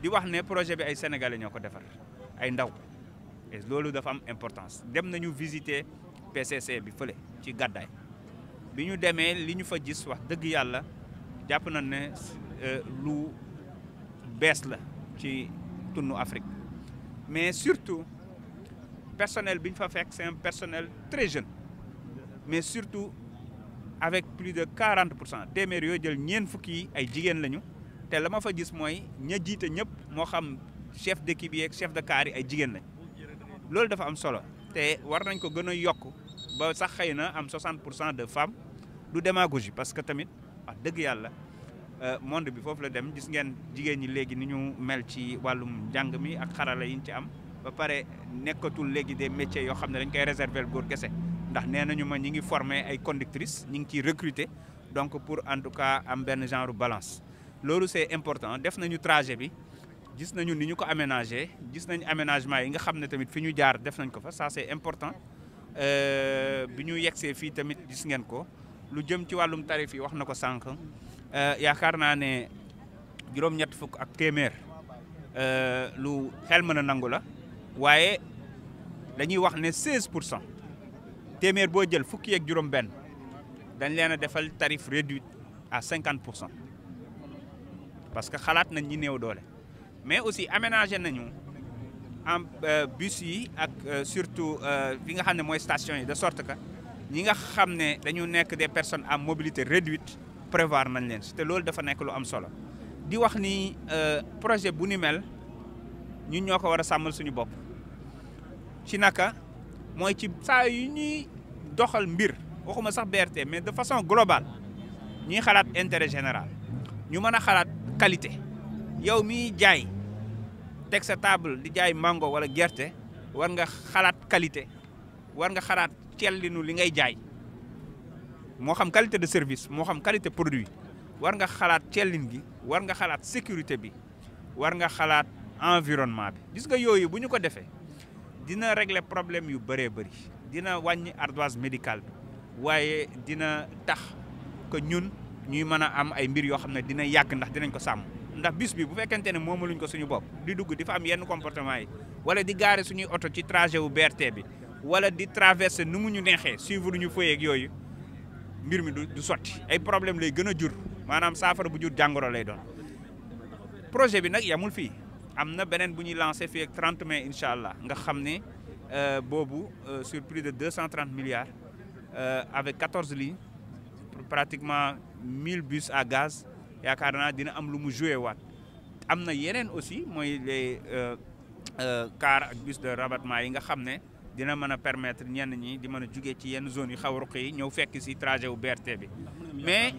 di wax ne projet bi ay sénégalais ñoo ko defar ay ndaw loolu dafa am importance dem nañu visiter PCC bi fële ci gàddaay bi ñu demee li ñu fa gis wax dëgg yàlla jàpp nañ ne euh, lu bees la ci tunnu Afrique mais surtout personnel bi ñu fa fekk c'est un personnel très jeune mais surtout avec plus de 40 pour cent téeméer yoo jël ñeen fukki yi ay jigéen lañu te la ma fa gis mooy ña jiite ñëpp moo xam chef d'équipe yeeg chef de carré ay jigéen lañ loolu dafa am solo te war nañ ko gën a yokk ba sax xëy na am 60 pour cent de femmes du démagogie parce que tamit ak dëgg yàlla euh, monde bi foofu la dem gis ngeen jigéen ñi léegi ni ñu mel ci wàllum njàng mi ak xarala yi ñu ci am ba pare nekkatul léegi de métiers yoo xam ne dañ koy réserver góor kese ndax nee nañu ma ñi ngi former ay conductrices ñi ngi ciy recruter donc pour en tout cas am benn genre balance. loolu c' est important def nañu trajet bi gis nañu ni ñu ko aménagé gis nañu aménagement yi nga xam ne tamit fi ñu jaar def nañ ko fa ça c' est important euh, bi ñu yegsee fii tamit gis ngeen ko lu jëm ci wàllum tarif yi wax na ko sànq euh, yaakaar naa ne juróom-ñett fukk ak téeméer euh, lu xel mën a nangu la waaye dañuy wax ne 16 pour cent téeméer boo jël fukk yeeg juróom-benn dañ leen a defal tarif réduit à cinquante pour cent. parce que xalaat nañ ñi néew doole mais aussi aménagé nañu en euh, bus yi ak euh, surtout li euh, nga xam ne mooy station yi de sorte que ñi nga xam ne dañu nekk des personnes à mobilité réduite prévoir nañ leen te loolu dafa nekk lu am solo di wax ni projet bu ni mel ñun ñoo ko war a sàmmal suñu bopp ci naka mooy ci saa yu ñuy doxal mbir waxuma sax BRT mais de façon globale ñuy xalaat intérêt général ñu mën a xalaat qualité yow miy jaay teg sa table di jaay mango wala gerte war nga xalaat qualité war nga xalaat cellinu li ngay jaay moo xam qualité de service moo xam qualité produit war nga xalaat cellin gi war nga xalaat sécurité bi war nga xalaat environnement bi gis nga yooyu bu ñu ko defee dina réglé problème yu bëree bëri dina wàññi ardoise médical bi waaye dina tax que ñun ñuy mën a am ay mbir yoo xam ne dina yàgg ndax dinañ ko sàmm ndax bis bi bu fekkente ne moomaluñ ko suñu bopp di dugg di fa am yenn comportement yi wala di gaare suñuy oto ci trajet wu BRT bi wala di traverser nu mu ñu neexee suivre ñu feuille ak yooyu mbir mi du sotti ay problème lay gën a jur maanaam saafara bu jur jàngoro lay doon projet bi nag yamul fii am na beneen bu ñuy lancé fii ak 30 mai incha allah nga xam ne euh, boobu euh, sur plus de 230 milliards euh, avec 14 lignes pratiquement mille bus à gaz yaakaar naa dina am lu mu joué waat am na yeneen aussi mooy les euh, euh, car ak bus de rabattement yi nga xam ne dina mën a permettre ñenn ñi di mën a jugee ci yenn zones yi xaw ruq ñëw fekk si trajet wu BRT bi mais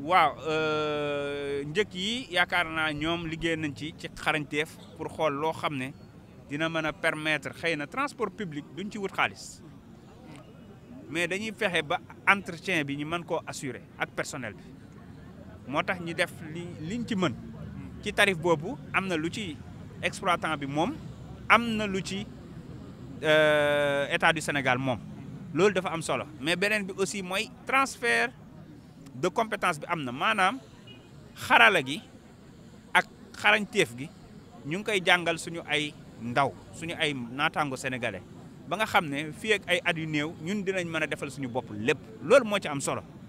waaw euh, njëkk yi yaakaar naa ñoom liggéey nañ ci ci xarañteef pour xool loo xam ne dina mën a permettre xëy na transport public duñ ci wut xaalis mais dañuy fexe ba entretien bi ñu man koo assurer ak personnel bi moo tax ñu def li liñ ci mën ci tarif boobu am na lu ci exploitant bi moom am na lu ci euh, état du Sénégal moom loolu dafa am solo mais beneen bi aussi mooy transfert de compétence bi am na maanaam xarala gi ak xarañteef gi ñu ngi koy jàngal suñu ay ndaw suñu ay naataango sénégalais ba nga xam ne fii ak ay at yu néew ñun dinañ mën a defal suñu bopp lépp loolu moo ci am solo